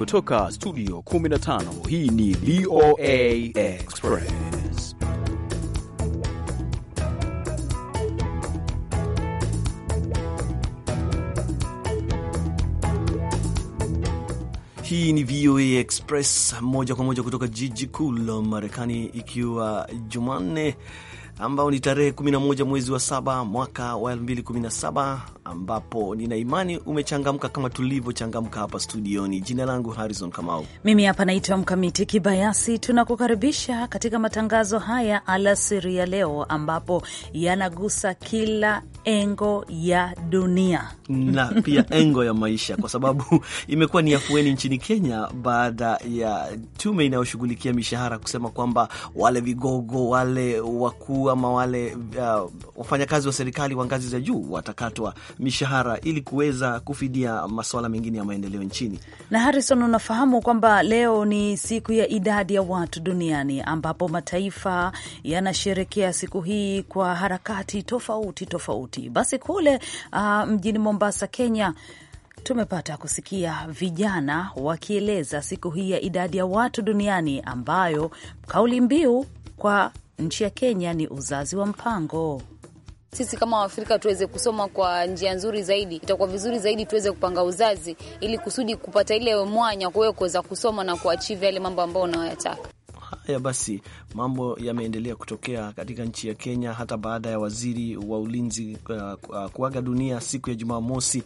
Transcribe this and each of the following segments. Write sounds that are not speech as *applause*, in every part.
kutoka studio 15 hii ni VOA Express. Hii ni VOA Express moja kwa moja kutoka jiji kuu la Marekani, ikiwa Jumanne ambao ni tarehe 11 mwezi wa saba mwaka wa 2017 ambapo nina imani umechangamka kama tulivyochangamka hapa studioni. Jina langu Harrison Kamau, mimi hapa naitwa Mkamiti Kibayasi. Tunakukaribisha katika matangazo haya alasiri ya leo, ambapo yanagusa kila engo ya dunia na pia *laughs* engo ya maisha, kwa sababu *laughs* imekuwa ni afueni nchini Kenya baada ya tume inayoshughulikia mishahara kusema kwamba wale vigogo wale wakuu ama wale uh, wafanyakazi wa serikali wa ngazi za juu watakatwa mishahara ili kuweza kufidia masuala mengine ya maendeleo nchini. Na Harrison, unafahamu kwamba leo ni siku ya idadi ya watu duniani ambapo mataifa yanasherekea siku hii kwa harakati tofauti tofauti. Basi kule uh, mjini Mombasa Mombasa, Kenya, tumepata kusikia vijana wakieleza siku hii ya idadi ya watu duniani ambayo kauli mbiu kwa nchi ya Kenya ni uzazi wa mpango. Sisi kama Waafrika tuweze kusoma kwa njia nzuri zaidi, itakuwa vizuri zaidi tuweze kupanga uzazi, ili kusudi kupata ile mwanya kuwe kuweza kusoma na kuachieve yale mambo ambayo unayoyataka. Haya basi, mambo yameendelea kutokea katika nchi ya Kenya hata baada ya waziri wa ulinzi uh, uh, kuaga dunia siku ya Jumamosi.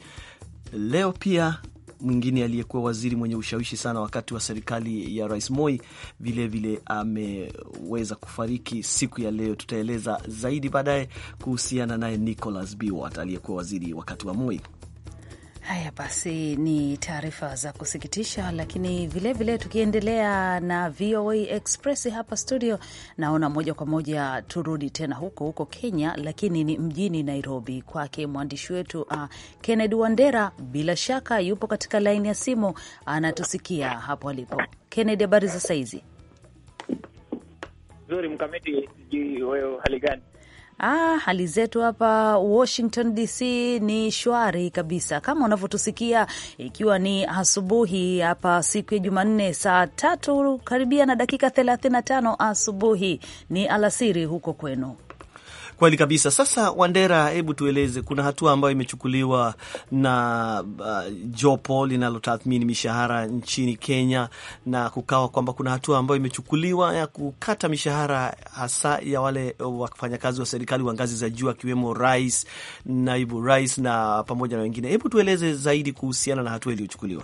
Leo pia mwingine aliyekuwa waziri mwenye ushawishi sana wakati wa serikali ya Rais Moi vilevile ameweza kufariki siku ya leo. Tutaeleza zaidi baadaye kuhusiana naye Nicholas Biwat aliyekuwa waziri wakati wa Moi. Haya basi, ni taarifa za kusikitisha, lakini vilevile vile tukiendelea na VOA Express hapa studio, naona moja kwa moja turudi tena huko huko Kenya, lakini ni mjini Nairobi kwake mwandishi wetu uh, Kennedy Wandera. Bila shaka yupo katika laini ya simu, anatusikia hapo alipo. Kennedy, habari za saizi? Nzuri mkamiti, sijui wewe hali gani? Ah, hali zetu hapa Washington DC ni shwari kabisa kama unavyotusikia, ikiwa ni asubuhi hapa siku ya Jumanne saa tatu karibia na dakika 35 asubuhi, ni alasiri huko kwenu. Kweli kabisa. Sasa Wandera, hebu tueleze, kuna hatua ambayo imechukuliwa na uh, jopo linalotathmini mishahara nchini Kenya, na kukawa kwamba kuna hatua ambayo imechukuliwa ya kukata mishahara hasa ya wale wafanyakazi wa serikali wa ngazi za juu, akiwemo rais, naibu rais na pamoja na wengine. Hebu tueleze zaidi kuhusiana na hatua iliyochukuliwa.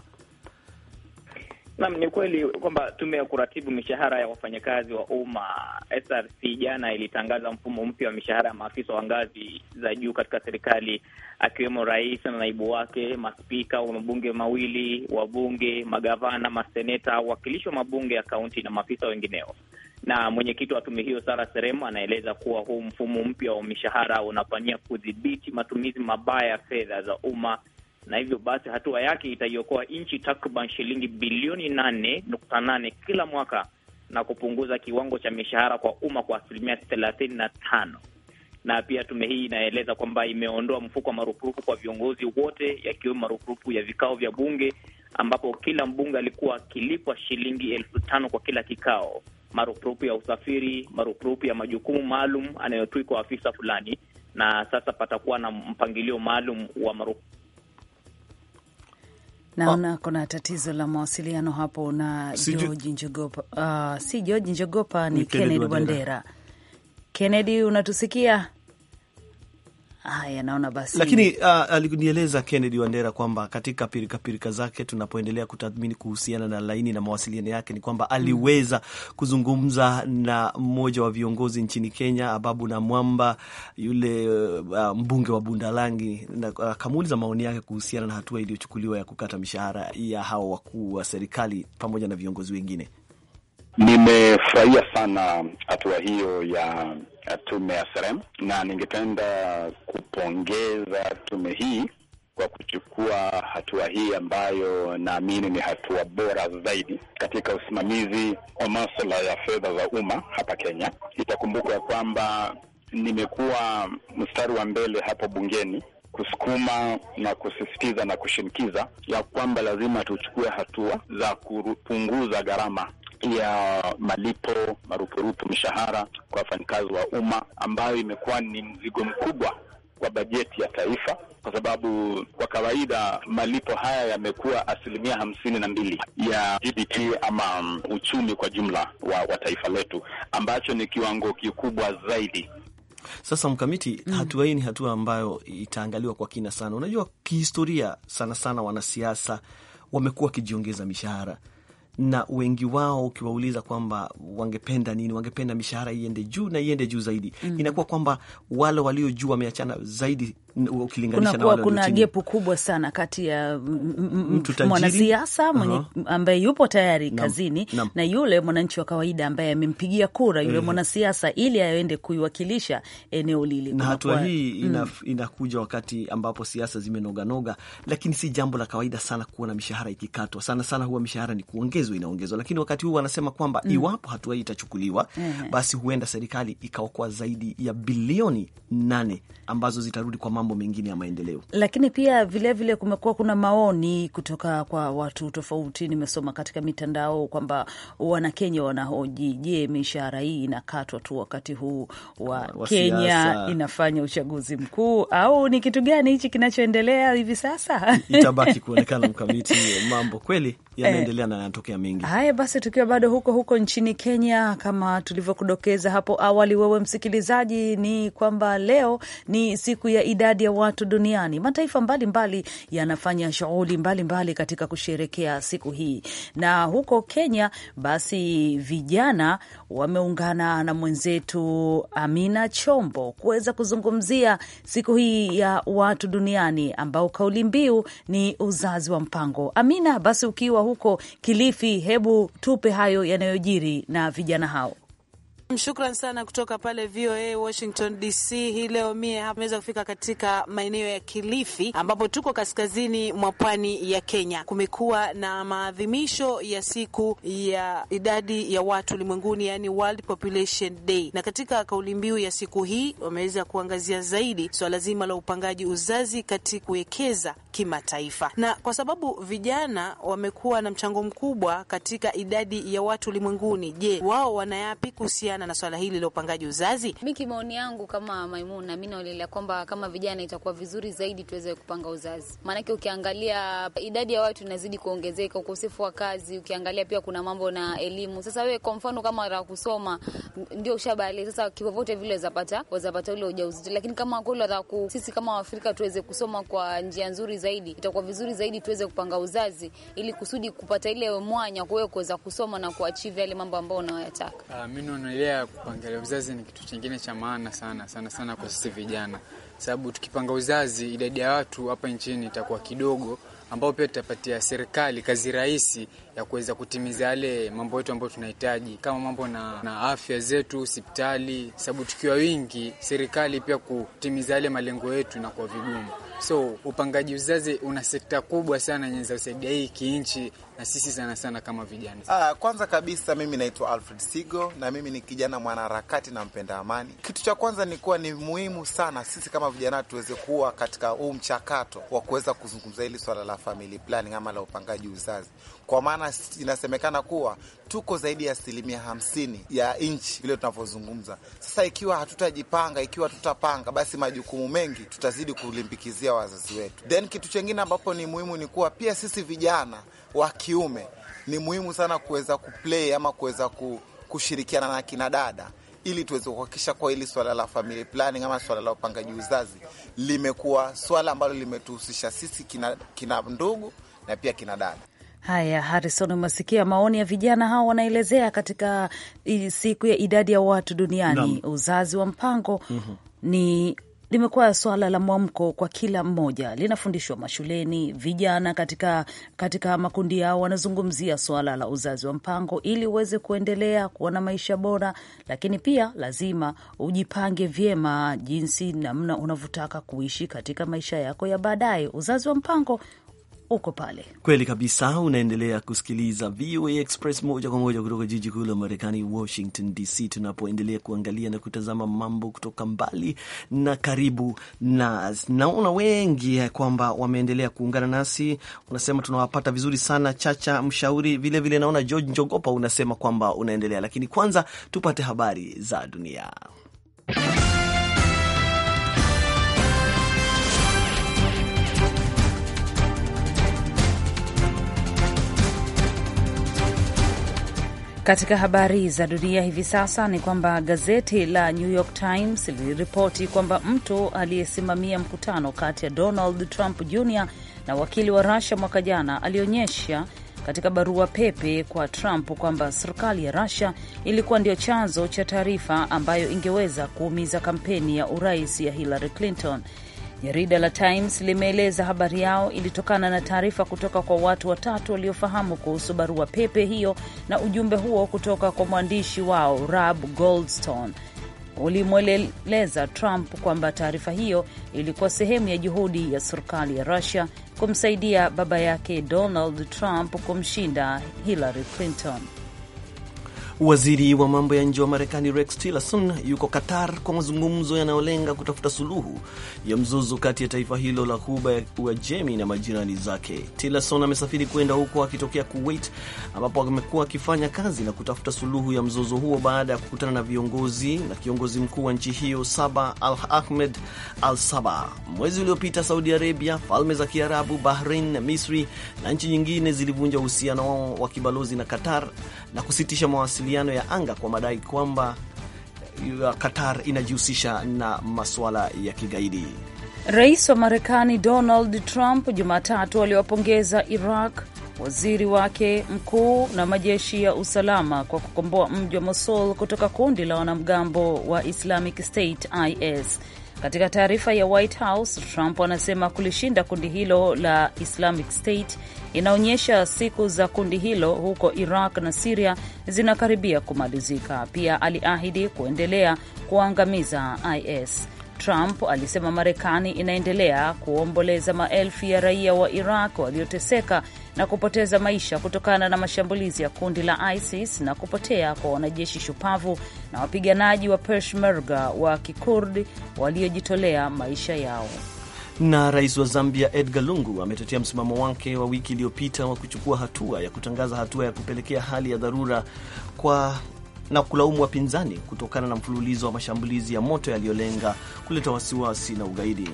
Naam, ni kweli kwamba tume ya kuratibu mishahara ya wafanyakazi wa umma SRC jana ilitangaza mfumo mpya wa mishahara ya maafisa wa ngazi za juu katika serikali akiwemo rais na naibu wake, maspika wa mabunge mawili, wabunge, magavana, maseneta, wawakilishi wa mabunge ya kaunti na maafisa wengineo. Na mwenyekiti wa tume hiyo Sara serem anaeleza kuwa huu mfumo mpya wa mishahara unafanyia kudhibiti matumizi mabaya ya fedha za umma na hivyo basi hatua yake itaiokoa nchi takriban shilingi bilioni nane nukta nane kila mwaka na kupunguza kiwango cha mishahara kwa umma kwa asilimia thelathini na tano. Na pia tume hii inaeleza kwamba imeondoa mfuko wa marupurupu kwa viongozi wote, yakiwemo marupurupu ya vikao vya bunge, ambapo kila mbunge alikuwa akilipwa shilingi elfu tano kwa kila kikao, marupurupu ya usafiri, marupurupu ya majukumu maalum anayotwikwa afisa fulani, na sasa patakuwa na mpangilio maalum wa marupurupu Naona kuna tatizo la mawasiliano hapo na George Njogopa. Uh, si George Njogopa, ni Kennedy Wandera. Kennedy, unatusikia? Haya, naona basi. Lakini uh, alinieleza Kennedy Wandera kwamba katika pirikapirika pirika zake tunapoendelea kutathmini kuhusiana na laini na mawasiliano yake ni kwamba aliweza kuzungumza na mmoja wa viongozi nchini Kenya, Ababu na Mwamba, yule uh, mbunge wa Bundalangi, na akamuuliza uh, maoni yake kuhusiana na hatua iliyochukuliwa ya kukata mishahara ya hawa wakuu wa serikali pamoja na viongozi wengine. Nimefurahia sana hatua hiyo ya tume ya Serem na ningependa kupongeza tume hii kwa kuchukua hatua hii ambayo naamini ni hatua bora zaidi katika usimamizi wa masuala ya fedha za umma hapa Kenya. Itakumbuka ya kwamba nimekuwa mstari wa mbele hapo bungeni kusukuma na kusisitiza na kushinikiza ya kwamba lazima tuchukue hatua za kupunguza gharama pia malipo marupurupu, mishahara kwa wafanyakazi wa umma, ambayo imekuwa ni mzigo mkubwa kwa bajeti ya taifa, kwa sababu kwa kawaida malipo haya yamekuwa asilimia hamsini na mbili ya GDP ama um, uchumi kwa jumla wa, wa taifa letu ambacho ni kiwango kikubwa zaidi. Sasa mkamiti mm. hatua hii ni hatua ambayo itaangaliwa kwa kina sana. Unajua, kihistoria sana sana wanasiasa wamekuwa wakijiongeza mishahara na wengi wao ukiwauliza kwamba wangependa nini, wangependa mishahara iende juu na iende juu zaidi. Mm. Inakuwa kwamba wale walio juu wameachana zaidi ukilinganisha na wale kuna gepu kubwa sana kati ya mwanasiasa ambaye yupo tayari kazini na yule mwananchi wa kawaida ambaye amempigia kura yule mm-hmm. mwanasiasa ili aende kuiwakilisha eneo lile. Na hatua hii mm. inakuja wakati ambapo siasa zimenoganoga, lakini si jambo la kawaida sana kuona mishahara ikikatwa. Sana sana huwa mishahara ni kuongezwa inaongezwa inaongezwa, lakini wakati huu wanasema kwamba mm. iwapo hatua hii itachukuliwa mm. basi huenda serikali ikaokoa zaidi ya bilioni nane ambazo zitarudi kwa mambo mengine ya maendeleo. Lakini pia vilevile kumekuwa kuna maoni kutoka kwa watu tofauti, nimesoma katika mitandao kwamba Wanakenya wanahoji, je, mishahara hii inakatwa tu wakati huu wa, Wasiasa. Kenya inafanya uchaguzi mkuu au ni kitu gani hichi kinachoendelea hivi sasa? Itabaki kuonekana mkamiti mambo kweli yanaendelea na yanatokea yametokea mengi. Haya basi, tukiwa bado huko huko nchini Kenya, kama tulivyokudokeza hapo awali, wewe msikilizaji, ni kwamba leo ni siku ya idadi ya watu duniani. Mataifa mbalimbali yanafanya shughuli mbalimbali katika kusherekea siku hii, na huko Kenya basi vijana wameungana na mwenzetu Amina Chombo kuweza kuzungumzia siku hii ya watu duniani ambao kauli mbiu ni uzazi wa mpango. Amina, basi ukiwa huko Kilifi Kofi, hebu tupe hayo yanayojiri na vijana hao. Shukran sana kutoka pale VOA Washington DC. Hii leo mie hapa kufika katika maeneo ya Kilifi ambapo tuko kaskazini mwa pwani ya Kenya. Kumekuwa na maadhimisho ya siku ya idadi ya watu ulimwenguni, yani World Population Day, na katika kauli mbiu ya siku hii wameweza kuangazia zaidi swala so zima la upangaji uzazi kati kuwekeza kimataifa. Na kwa sababu vijana wamekuwa na mchango mkubwa katika idadi ya watu ulimwenguni, je, wao wanayapi kuhusiana na swala hili la upangaji uzazi? Mi kimaoni yangu kama Maimuna, mi naonelea kwamba kama vijana itakuwa vizuri zaidi tuweze kupanga uzazi, maanake ukiangalia idadi ya watu inazidi kuongezeka, ukosefu wa kazi, ukiangalia pia kuna mambo na elimu. Sasa wewe kwa mfano kama ra kusoma ndio ushabali sasa, kivyovyote vile wazapata wazapata ule ujauzito, lakini kama kweli sisi kama Waafrika tuweze kusoma kwa njia nzuri zaidi, itakuwa vizuri zaidi tuweze kupanga uzazi ili kusudi kupata ile mwanya kwa kuweza kusoma na kuachivu yale mambo ambayo unayoyataka. Uh, mimi naonelea kupangalia uzazi ni kitu chingine cha maana sana sana sana kwa sisi vijana, sababu tukipanga uzazi idadi ya watu hapa nchini itakuwa kidogo ambao pia tutapatia serikali kazi rahisi ya kuweza kutimiza yale mambo yetu ambayo tunahitaji kama mambo na, na afya zetu, hospitali, sababu tukiwa wingi serikali pia kutimiza yale malengo yetu inakuwa vigumu. So upangaji uzazi una sekta kubwa sana yenye usaidia hii kiinchi na sisi sana sana kama vijana? Ah, kwanza kabisa mimi naitwa Alfred Sigo na mimi ni kijana mwanaharakati na mpenda amani. Kitu cha kwanza ni kuwa ni muhimu sana sisi kama vijana tuweze kuwa katika huu mchakato wa kuweza kuzungumza hili swala la family planning ama la upangaji uzazi, kwa maana inasemekana kuwa tuko zaidi ya asilimia hamsini ya nchi vile tunavyozungumza sasa. Ikiwa hatutajipanga, ikiwa tutapanga basi majukumu mengi tutazidi kulimbikizia wazazi wetu. Then kitu chengine ambapo ni muhimu ni kuwa pia sisi vijana wa kiume ni muhimu sana kuweza kuplay ama kuweza kushirikiana na kina dada ili tuweze kuhakikisha kwa hili swala la family planning ama swala la upangaji uzazi limekuwa swala ambalo limetuhusisha sisi kina, kina ndugu na pia kina dada. Haya, Harison, umesikia maoni ya vijana hao wanaelezea katika siku ya idadi ya watu duniani Nam. uzazi wa mpango mm -hmm. ni limekuwa swala la mwamko kwa kila mmoja, linafundishwa mashuleni. Vijana katika, katika makundi yao wanazungumzia swala la uzazi wa mpango ili uweze kuendelea kuwa na maisha bora, lakini pia lazima ujipange vyema jinsi namna unavyotaka kuishi katika maisha yako ya baadaye. Uzazi wa mpango uko pale. Kweli kabisa, unaendelea kusikiliza VOA Express moja kwa moja kutoka jiji kuu la Marekani, Washington DC, tunapoendelea kuangalia na kutazama mambo kutoka mbali na karibu, na naona wengi kwamba wameendelea kuungana nasi. Unasema tunawapata vizuri sana, Chacha Mshauri vilevile vile, naona George Njogopa unasema kwamba unaendelea, lakini kwanza tupate habari za dunia. Katika habari za dunia hivi sasa ni kwamba gazeti la New York Times liliripoti kwamba mtu aliyesimamia mkutano kati ya Donald Trump Jr na wakili wa rusia mwaka jana alionyesha katika barua pepe kwa Trump kwamba serikali ya Russia ilikuwa ndio chanzo cha taarifa ambayo ingeweza kuumiza kampeni ya urais ya Hillary Clinton. Jarida la Times limeeleza habari yao ilitokana na taarifa kutoka kwa watu watatu waliofahamu kuhusu barua pepe hiyo na ujumbe huo kutoka kwa mwandishi wao rab Goldstone ulimweleleza Trump kwamba taarifa hiyo ilikuwa sehemu ya juhudi ya serikali ya Russia kumsaidia baba yake Donald Trump kumshinda Hillary Clinton. Waziri wa mambo ya nje wa Marekani Rex Tillerson yuko Qatar kwa mazungumzo yanayolenga kutafuta suluhu ya mzozo kati ya taifa hilo la Ghuba ya Uajemi na majirani zake. Tillerson amesafiri kwenda huko akitokea Kuwait, ambapo amekuwa akifanya kazi na kutafuta suluhu ya mzozo huo baada ya kukutana na viongozi na kiongozi mkuu wa nchi hiyo Saba Al Ahmed Al Saba. Mwezi uliopita, Saudi Arabia, Falme za Kiarabu, Bahrain na Misri na nchi nyingine zilivunja uhusiano wao wa kibalozi na Qatar na kusitisha mawasiliano mawasiliano ya anga kwa madai kwamba uh, Qatar inajihusisha na masuala ya kigaidi. Rais wa Marekani Donald Trump Jumatatu aliwapongeza Iraq, waziri wake mkuu na majeshi ya usalama kwa kukomboa mji wa Mosul kutoka kundi la wanamgambo wa Islamic State IS. Katika taarifa ya White House, Trump anasema kulishinda kundi hilo la Islamic State inaonyesha siku za kundi hilo huko Iraq na Siria zinakaribia kumalizika. Pia aliahidi kuendelea kuangamiza IS. Trump alisema Marekani inaendelea kuomboleza maelfu ya raia wa Iraq walioteseka na kupoteza maisha kutokana na mashambulizi ya kundi la ISIS na kupotea kwa wanajeshi shupavu na wapiganaji wa Peshmerga wa Kikurdi waliojitolea maisha yao. Na rais wa Zambia Edgar Lungu ametetea msimamo wake wa wiki iliyopita wa kuchukua hatua ya kutangaza hatua ya kupelekea hali ya dharura kwa na kulaumu wapinzani kutokana na mfululizo wa mashambulizi ya moto yaliyolenga kuleta wasiwasi na ugaidi.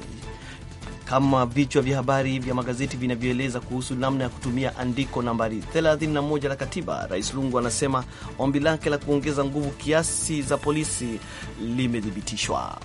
Kama vichwa vya habari vya magazeti vinavyoeleza kuhusu namna ya kutumia andiko nambari 31 la katiba, Rais Lungu anasema ombi lake la kuongeza nguvu kiasi za polisi limethibitishwa.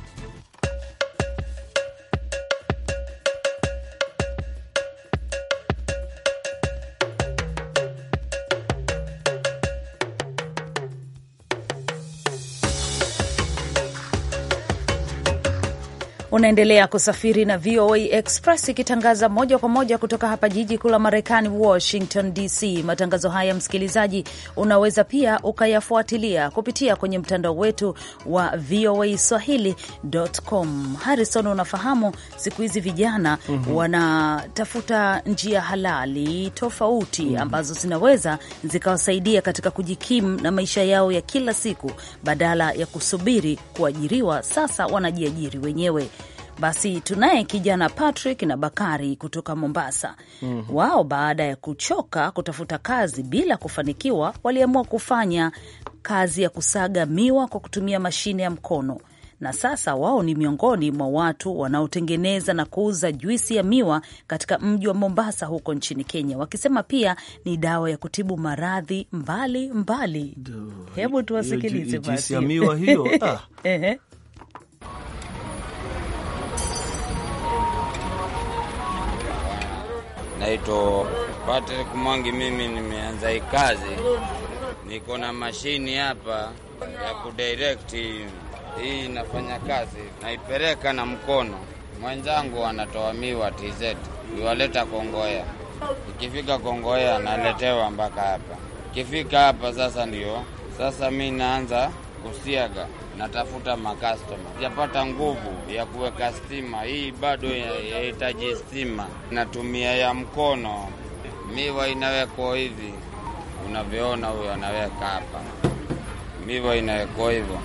Unaendelea kusafiri na VOA Express ikitangaza moja kwa moja kutoka hapa jiji kuu la Marekani, Washington DC. Matangazo haya, msikilizaji, unaweza pia ukayafuatilia kupitia kwenye mtandao wetu wa VOA Swahili.com. Harrison, unafahamu siku hizi vijana mm -hmm. wanatafuta njia halali tofauti mm -hmm. ambazo zinaweza zikawasaidia katika kujikimu na maisha yao ya kila siku badala ya kusubiri kuajiriwa. Sasa wanajiajiri wenyewe. Basi tunaye kijana Patrick na Bakari kutoka Mombasa. mm -hmm. Wao baada ya kuchoka kutafuta kazi bila kufanikiwa, waliamua kufanya kazi ya kusaga miwa kwa kutumia mashine ya mkono na sasa wao ni miongoni mwa watu wanaotengeneza na kuuza juisi ya miwa katika mji wa Mombasa huko nchini Kenya, wakisema pia ni dawa ya kutibu maradhi mbali mbali. Hebu tuwasikilize basi. Juisi ya miwa hiyo *laughs* ah. Naitwa Patrick Mwangi, mimi nimeanza hii kazi, niko na mashini hapa ya kudirect hii inafanya kazi, naipeleka na mkono. Mwenzangu anatoa miwa TZ, iwaleta Kongoya, ikifika Kongoya naletewa mpaka hapa. Ikifika hapa sasa, ndio sasa mi naanza kusiaga natafuta makastoma, sijapata nguvu ya kuweka stima. Hii bado yahitaji stima, natumia ya mkono. Miwa inawekwa hivi unavyoona, huyo anaweka hapa, miwa inawekwa hivyo.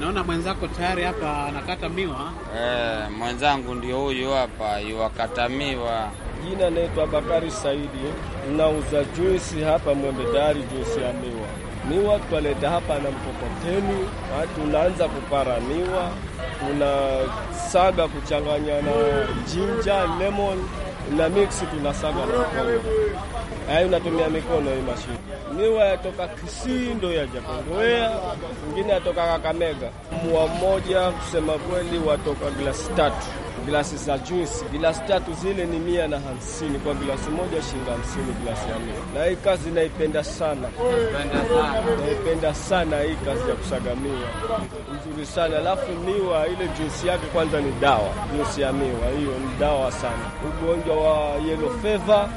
Naona mwenzako tayari hapa anakata miwa. E, mwenzangu ndio huyu hapa yuwakata miwa. Jina naitwa Bakari Saidi, nauza juisi hapa Mwembedari, juisi ya miwa miwa twaleta hapa na mkokoteni, ah, tunaanza kupara miwa, saga kuchanganya na jinja lemon na miksi, tunasaga na mkono. ai unatumia mikono hii mashini. Miwa yatoka Kisii ndo yaja Kongowea, ingine yatoka Kakamega. Mwa mmoja kusema kweli watoka glasi tatu glasi za juisi, glasi tatu zile ni mia na hamsini kwa glasi moja, shilingi hamsini glasi ya mia. Na hii kazi naipenda sana, naipenda sana hii kazi ya kusaga miwa, nzuri sana. Alafu miwa ile juisi yake kwanza ni dawa, juisi ya miwa hiyo ni dawa sana. Ugonjwa wa yellow fever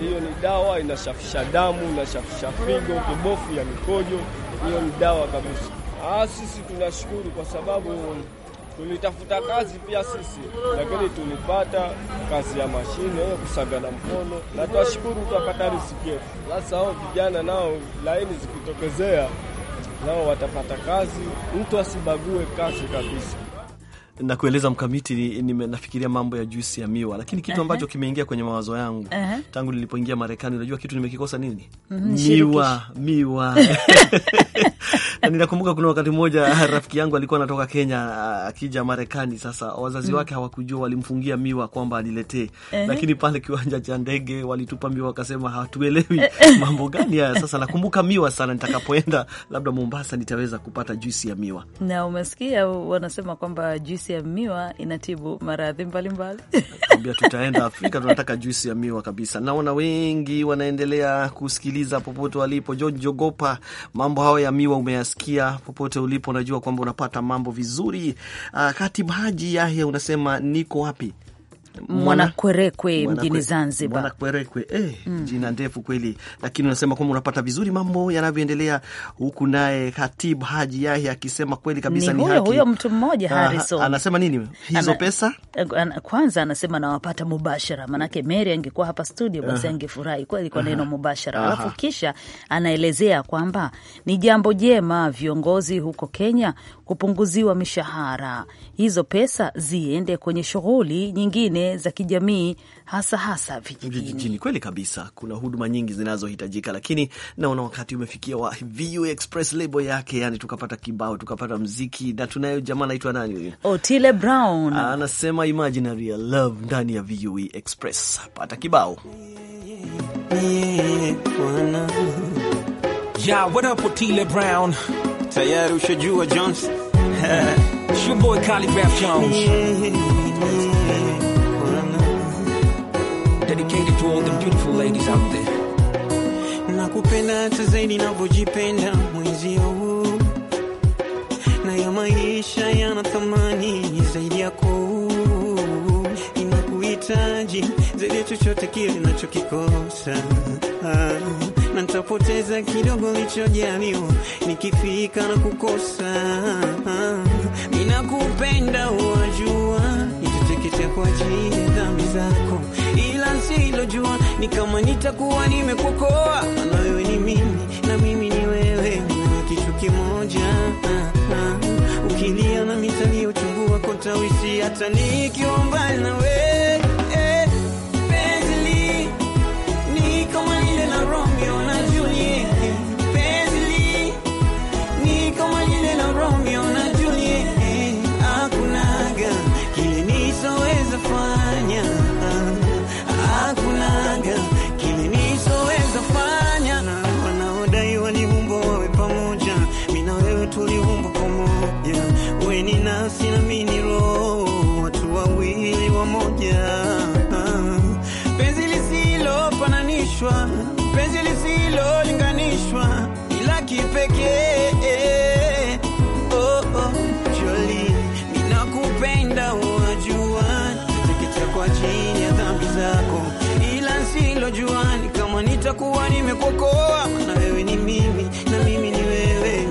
hiyo ni dawa, inashafisha damu, inashafisha figo, kibofu ya mikojo, hiyo ni dawa kabisa. Ah, sisi tunashukuru kwa sababu tulitafuta kazi pia sisi, lakini tulipata kazi ya mashine kusaga kusagala mkono, na twashukuru tutapata riziki yetu. Sasa hao vijana nao laini zikitokezea nao watapata kazi, mtu asibague kazi kabisa na kueleza mkamiti, nafikiria mambo ya juisi ya miwa, lakini kitu ambacho uh -huh. kimeingia kwenye mawazo yangu uh -huh. tangu nilipoingia Marekani, unajua kitu nimekikosa nini? mm -hmm. miwa miwa *laughs* na ninakumbuka kuna wakati mmoja *laughs* rafiki yangu alikuwa anatoka Kenya akija Marekani. Sasa wazazi mm. wake hawakujua, walimfungia miwa kwamba aniletee, lakini pale kiwanja cha ndege walitupa miwa, wakasema hatuelewi *laughs* mambo gani haya. Sasa nakumbuka miwa sana, nitakapoenda labda Mombasa nitaweza kupata juisi ya miwa. Na umesikia wanasema kwamba juisi ya miwa inatibu maradhi mbalimbali. Nakwambia *laughs* tutaenda Afrika, tunataka juisi ya miwa kabisa. Naona wengi wanaendelea kusikiliza popote walipo. George Jogopa, mambo hayo ya miwa umeya unasikia popote ulipo, unajua kwamba unapata mambo vizuri. Uh, ah, Katibu Haji Yahya unasema niko wapi? Mm. Mwanakwerekwe mwana mjini Zanzibar. Mwanakwerekwe eh, mm. Jina ndefu kweli, lakini unasema kwamba unapata vizuri mambo yanavyoendelea huku. Naye Khatib Haji Yahya akisema kweli kabisa ni, ni huyo huyo mtu mmoja Harrison. Anasema nini hizo ana, pesa eh, ana, kwanza anasema nawapata mubashara, maanake Mary angekuwa hapa studio basi uh angefurahi kweli kwa neno uh mubashara, alafu kisha anaelezea kwamba ni jambo jema viongozi huko Kenya kupunguziwa mishahara, hizo pesa ziende kwenye shughuli nyingine nyingine za kijamii, hasa hasa vijijini. Kweli kabisa, kuna huduma nyingi zinazohitajika, lakini naona wakati umefikia wa VOA Express lebo yake, yani tukapata kibao, tukapata mziki, na tunayo jamaa anaitwa nani, Otile Brown anasema imaginary love ndani ya VOA Express. Pata kibao Yeah, what up *laughs* to all the beautiful ladies out there. Nakupenda hata zaidi navyojipenda mwenzio huu, na ya maisha yana thamani zaidi yako, inakuhitaji zaidi ya chochote kile nachokikosa ah, na nitapoteza kidogo lichojaliwa nikifika na kukosa. Ah, ninakupenda, wajua nitateketea kwa ajili ya dhambi zako nisilojua, ni kama nitakuwa nimekukoa, na wewe ni mimi na mimi ni wewe, kitu kimoja ukiliana ah, ah. Ukilia na mitalia uchungu wako tawisi, hata nikiwa mbali na wewe kuwa nimekuokoa, na wewe ni mimi na mimi ni wewe,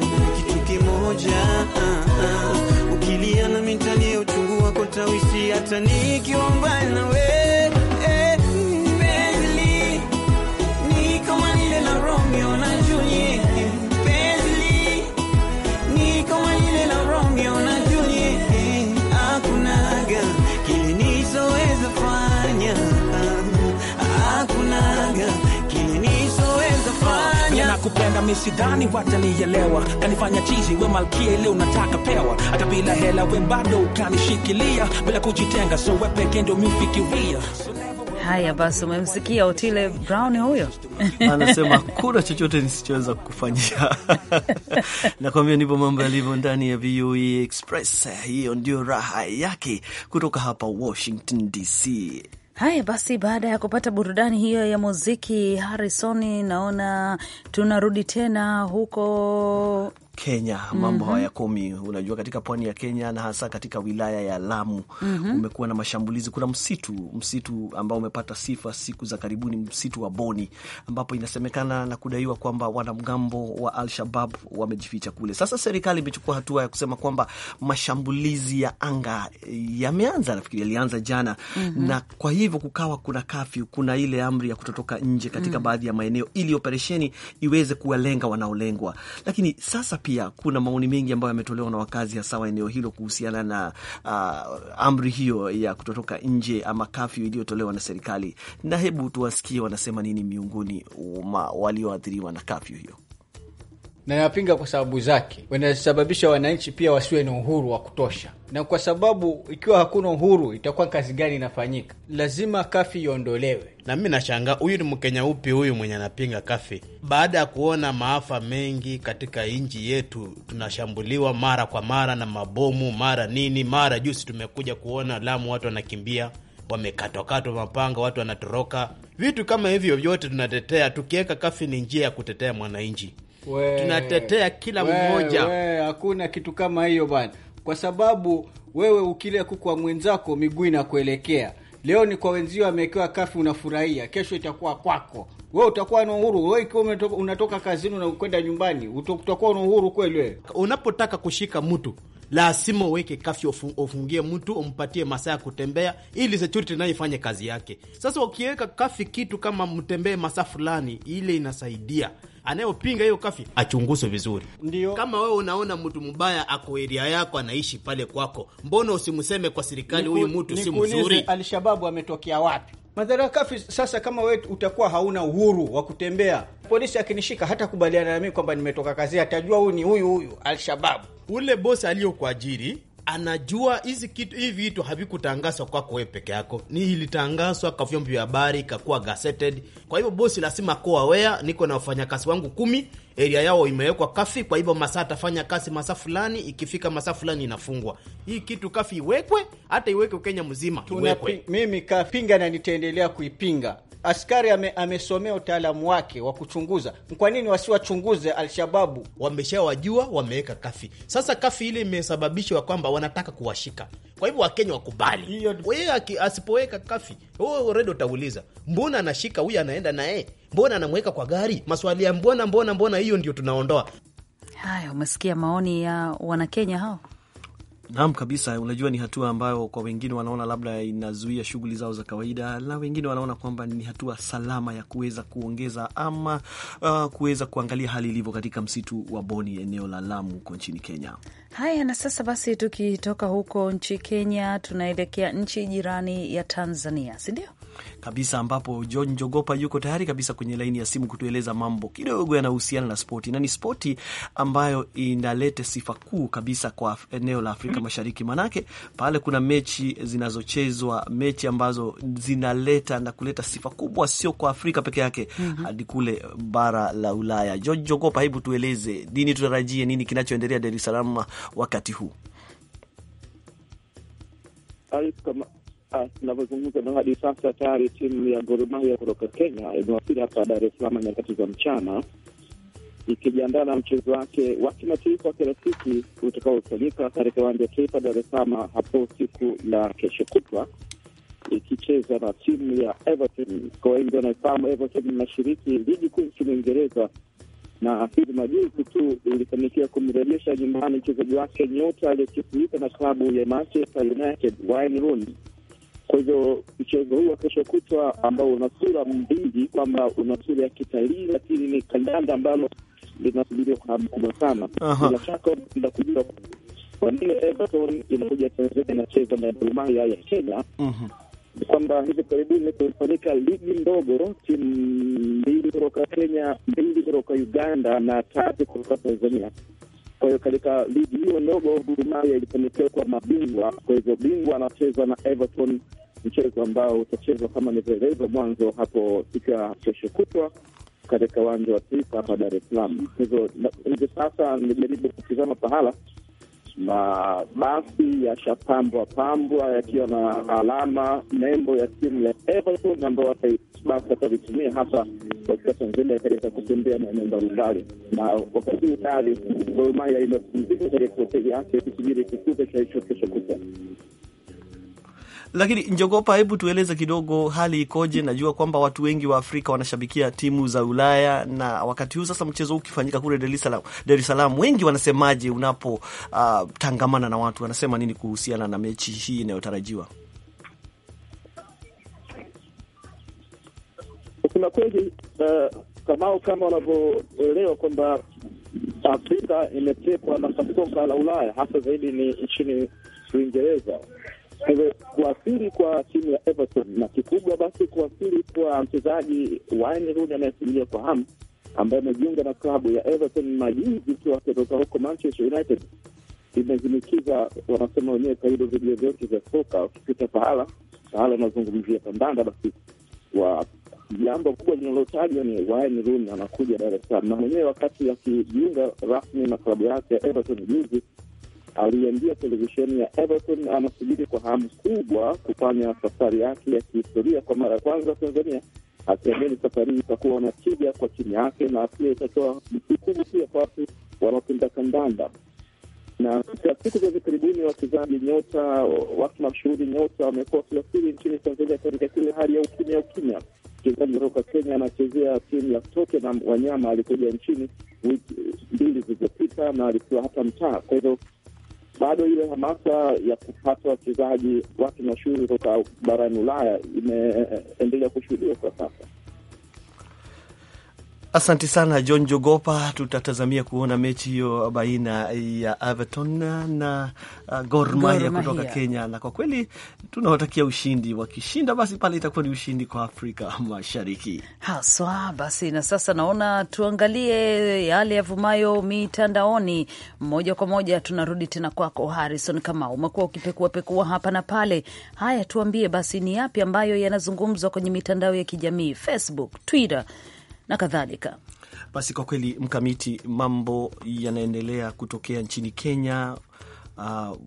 kitu kimoja. Ah, ah. Ukilia na mitalia uchungu wako tawisi, hata nikiwa mbali na wewe nami sidhani watanielewa. Kanifanya chizi we malkia, ile unataka pewa, hata bila hela we bado ukanishikilia bila kujitenga, so we peke ndio mifikiria Haya basi, umemsikia Otile Brown huyo *laughs* anasema kuna chochote nisichoweza kufanyia. *laughs* Nakwambia ndipo mambo yalivyo ndani ya VOA e Express. Hiyo ndio raha yake kutoka hapa Washington DC. Haya basi, baada ya kupata burudani hiyo ya muziki Harrison, naona tunarudi tena huko Kenya mambo mm -hmm. haya kumi, Unajua, katika pwani ya Kenya na hasa katika wilaya ya Lamu mm -hmm. umekuwa na mashambulizi. Kuna msitu msitu ambao umepata sifa siku za karibuni, msitu wa Boni, ambapo inasemekana na kudaiwa kwamba wanamgambo wa Al-Shabab wamejificha kule. Sasa serikali imechukua hatua ya kusema kwamba mashambulizi ya anga eh, yameanza, nafikiri yalianza jana mm -hmm. na kwa hivyo kukawa kuna kafyu, kuna ile amri ya kutotoka nje katika mm -hmm. baadhi ya maeneo ili operesheni iweze kuwalenga wanaolengwa, lakini sasa pia kuna maoni mengi ambayo yametolewa na wakazi hasa wa eneo hilo kuhusiana na uh, amri hiyo ya kutotoka nje ama kafyu iliyotolewa na serikali, na hebu tuwasikie wanasema nini miongoni mwa walioathiriwa na kafyu hiyo na kwa sababu zake, wanasababisha wananchi pia wasiwe na uhuru wa kutosha, na kwa sababu ikiwa hakuna uhuru itakuwa kazi gani inafanyika? Lazima kafi iondolewe. Na mi nashangaa, huyu ni Mkenya upi huyu mwenye anapinga kafi? Baada ya kuona maafa mengi katika nchi yetu, tunashambuliwa mara kwa mara na mabomu, mara nini, mara juzi tumekuja kuona Lamu watu wanakimbia wamekatwakatwa mapanga, watu wanatoroka. Vitu kama hivyo vyote tunatetea. Tukiweka kafi, ni njia ya kutetea mwananchi we, tunatetea kila we, mmoja we, hakuna kitu kama hiyo bana, kwa sababu wewe ukile kuku wa mwenzako miguu inakuelekea. Leo ni kwa wenzio amewekewa kafi, unafurahia, kesho itakuwa kwako. We utakuwa na uhuru we, ikiwa unatoka kazini unakwenda nyumbani, utakuwa na uhuru kweli wewe unapotaka kushika mtu lazima uweke kafi ufungie mtu, umpatie masaa ya kutembea, ili security nayo ifanye kazi yake. Sasa ukiweka kafi kitu kama mtembee masaa fulani, ile inasaidia anayopinga hiyo kafi achunguzwe vizuri. Ndiyo. kama wewe unaona mtu mbaya ako eria yako anaishi pale kwako, mbona usimseme kwa serikali, huyu mtu si mzuri? Alshababu ametokea wapi? Madhara kafi. Sasa kama wewe utakuwa hauna uhuru wa kutembea, polisi akinishika hata kubaliana na mimi kwamba nimetoka kazi, atajua huyu ni huyu huyu Alshababu. Ule bosi aliyokuajiri anajua hizi kitu hivi vitu havikutangazwa kwako wewe peke yako, ni ilitangazwa kwa vyombo vya habari, ikakuwa gazetted. Kwa hivyo bosi lazima kuwa aware. Niko na wafanyakazi wangu kumi, area yao imewekwa kafi, kwa hivyo masaa atafanya kazi masaa fulani, ikifika masaa fulani inafungwa. Hii kitu kafi iwekwe, hata iwekwe Kenya mzima iwekwe. Mimi kapinga na nitaendelea kuipinga askari ame, amesomea utaalamu wake wa kuchunguza. Kwa nini wasiwachunguze Alshababu? Wameshawajua, wameweka kafi. Sasa kafi ile imesababishwa kwamba wanataka kuwashika, kwa hivyo Wakenya wakubali. Yeye asipoweka kafi, wewe utauliza, mbona anashika huyu, anaenda naye, mbona anamweka kwa gari? Maswali ya mbona, mbona, mbona, hiyo ndio tunaondoa. Haya, umesikia maoni ya Wanakenya hao. Naam kabisa, unajua ni hatua ambayo kwa wengine wanaona labda inazuia shughuli zao za kawaida, na wengine wanaona kwamba ni hatua salama ya kuweza kuongeza ama uh, kuweza kuangalia hali ilivyo katika msitu wa Boni, eneo la Lamu huko nchini Kenya. Haya, na sasa basi, tukitoka huko nchi Kenya tunaelekea nchi jirani ya Tanzania, si ndio? kabisa, ambapo John jogopa yuko tayari kabisa kwenye laini ya simu kutueleza mambo kidogo yanayohusiana na spoti, na ni spoti ambayo inaleta sifa kuu kabisa kwa eneo la Afrika Mashariki, manake pale kuna mechi zinazochezwa, mechi ambazo zinaleta na kuleta sifa kubwa, sio kwa Afrika peke yake mm -hmm. hadi kule bara la Ulaya. George jogopa hebu tueleze nini tutarajie, nini kinachoendelea Dar es Salaam wakati huu? Ah, tunavyozungumza na hadi sasa tayari timu ya Gor Mahia kutoka Kenya imewasili hapa Dar es Salaam nyakati za mchana ikijiandaa na mchezo wake wa kimataifa wa kirafiki utakaofanyika katika uwanja wa taifa Dar es Salaam hapo siku la kesho kutwa, ikicheza na timu ya Everton. Kwa wengi wanaofahamu, Everton inashiriki ligi kuu nchini Uingereza na hivi majuzi tu ilifanikiwa kumrejesha nyumbani mchezaji wake nyota aliyetifuika na klabu ya Manchester United Wayne Rooney kwa hivyo mchezo huu wa kesho kutwa ambao una sura mbili, kwamba una sura ya kitalii, lakini ni kandanda ambalo linasubiriwa kwa hamu kubwa sana. Bila shaka unaenda kujua kwa nini Everton inakuja Tanzania inacheza na Gor Mahia ya Kenya, mhm. kwamba hivi karibuni kulifanyika ligi ndogo, timu mbili kutoka Kenya, mbili kutoka Uganda na tatu kutoka Tanzania. Kwa hiyo katika ligi hiyo ndogo Gor Mahia kwa mabingwa. Kwa hivyo bingwa anacheza na Everton, mchezo ambao utachezwa kama nilivyoeleza mwanzo hapo siku ya kesho kutwa katika uwanja wa Taifa hapa Dar es Salaam. hivyo hivi sasa nimejaribu kutizama pahala mabasi yashapambwa pambwa yakiwa na alama nembo ya timu ya Everton ambao basi watavitumia hapa katika kutembea maeneo mbalimbali, na wakati huu tayari Gor Mahia imepumzika hoteli yake cha hicho kesho kutwa. Lakini Njogopa, hebu tueleze kidogo hali ikoje? Najua kwamba watu wengi wa Afrika wanashabikia timu za Ulaya, na wakati huu sasa mchezo huu ukifanyika kule Dar es Salaam, wengi wanasemaje unapotangamana ah, uh, na watu wanasema nini kuhusiana na mechi hii inayotarajiwa? kusema kweli, uh, eh, kamao kama wanavyoelewa kwamba Afrika imetekwa na kasoka la Ulaya, hasa zaidi ni nchini Uingereza. Hivyo kuasiri kwa timu ya Everton na kikubwa basi kuasiri kwa mchezaji Wayne Rooney anayesubiriwa kwa hamu ambaye amejiunga na klabu ya Everton majuzi ikiwa akitoka huko Manchester United, imezinikiza wanasema wenyewe karibu vidio vyote vya soka, wakipita pahala pahala inazungumzia kandanda basi wa jambo kubwa linalotajwa ni Wayne Rooney anakuja Dar es Salaam, na mwenyewe wakati akijiunga rasmi na klabu yake ya Everton juzi aliambia televisheni ya Everton anasubiri kwa hamu kubwa kufanya safari yake ya kihistoria kwa mara ya kwanza Tanzania, akiamini safari hii itakuwa na tija kwa timu yake na pia itatoa msukumo pia kwa watu wanaopenda kandanda. Na katika siku za hivi karibuni, wachezaji nyota, watu mashuhuri nyota wamekuwa wakiwasili nchini Tanzania katika kile hali ya ukimya ukimya mchezaji kutoka Kenya anachezea timu ya Tottenham Wanyama, alikuja nchini wiki mbili zilizopita na alikuwa hata mtaa. Kwa hivyo bado ile hamasa ya kupata wachezaji watu mashuhuri kutoka barani Ulaya imeendelea kushuhudiwa kwa sasa. Asante sana John Jogopa. Tutatazamia kuona mechi hiyo baina ya Everton na uh, Gor Mahia kutoka Kenya, na kwa kweli tunawatakia ushindi. Wakishinda basi pale itakuwa ni ushindi kwa Afrika Mashariki haswa. Basi na sasa naona tuangalie yale yavumayo mitandaoni moja kwa moja. Tunarudi tena kwako Harrison, kama umekuwa ukipekuapekua hapa na pale. Haya, tuambie basi ni yapi ambayo yanazungumzwa kwenye mitandao ya kijamii, Facebook, Twitter na kadhalika. Basi kwa kweli, Mkamiti, mambo yanaendelea kutokea nchini Kenya uh,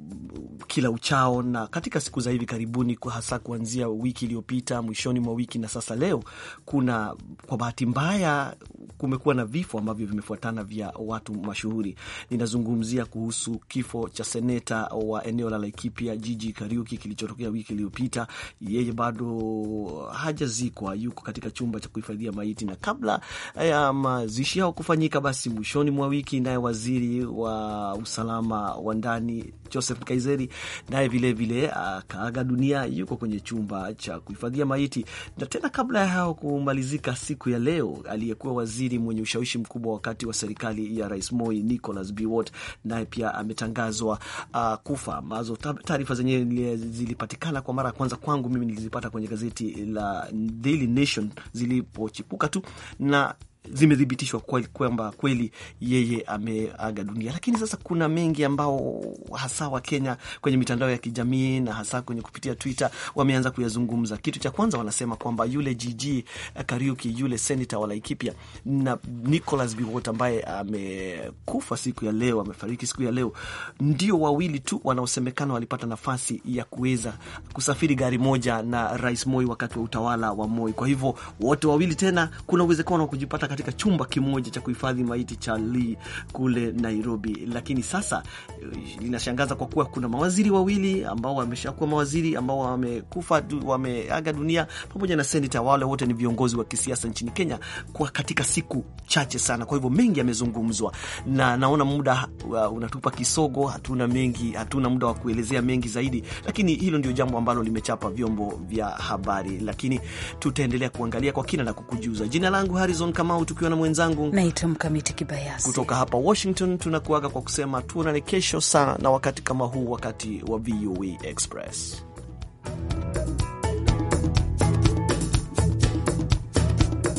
kila uchao na katika siku za hivi karibuni, hasa kuanzia wiki iliyopita, mwishoni mwa wiki na sasa leo, kuna kwa bahati mbaya kumekuwa na vifo ambavyo vimefuatana vya watu mashuhuri. Ninazungumzia kuhusu kifo cha seneta wa eneo la Laikipia Jiji Kariuki kilichotokea wiki iliyopita. Yeye bado hajazikwa, yuko katika chumba cha kuhifadhia maiti, na kabla ya mazishi yao kufanyika, basi mwishoni mwa wiki, naye waziri wa usalama wa ndani Joseph Kaiseri naye vilevile ah, akaaga dunia, yuko kwenye chumba cha kuhifadhia maiti. Na tena kabla ya hao kumalizika siku ya leo, aliyekuwa waziri mwenye ushawishi mkubwa wakati wa serikali ya Rais Moi, Nicolas Biwott, naye pia ametangazwa uh, kufa, ambazo taarifa zenyewe zilipatikana kwa mara ya kwanza kwangu mimi, nilizipata kwenye gazeti la Daily Nation zilipochipuka tu na zimethibitishwa kwamba kweli yeye ameaga dunia. Lakini sasa kuna mengi ambao hasa Wakenya kwenye mitandao ya kijamii na hasa kwenye kupitia Twitter wameanza kuyazungumza. Kitu cha kwanza wanasema kwamba yule jj eh, Kariuki, yule senata wa Laikipia na Nicholas Biwot ambaye amekufa siku ya leo, amefariki siku ya leo, ndio wawili tu wanaosemekana walipata nafasi ya kuweza kusafiri gari moja na Rais Moi wakati wa utawala wa Moi. Kwa hivyo wote wawili tena kuna uwezekano wa kujipata katika chumba kimoja cha kuhifadhi maiti cha Lee kule Nairobi. Lakini sasa eh, linashangaza kwa kuwa kuna mawaziri wawili ambao wameshakuwa mawaziri ambao wamekufa, wameaga dunia, pamoja na senata. Wale wote ni viongozi wa kisiasa nchini Kenya kwa katika siku chache sana. Kwa hivyo mengi yamezungumzwa, na naona muda uh, unatupa kisogo, hatuna mengi, hatuna muda wa kuelezea mengi zaidi, lakini hilo ndio jambo ambalo limechapa vyombo vya habari, lakini tutaendelea kuangalia kwa kina na kukujuza. Jina langu Harrison Kamau. Kamau tukiwa na mwenzangu naitwa Mkamiti Kibayasi kutoka hapa Washington. Tunakuaga kwa kusema tuonane kesho sana na wakati kama huu, wakati wa VOA e Express.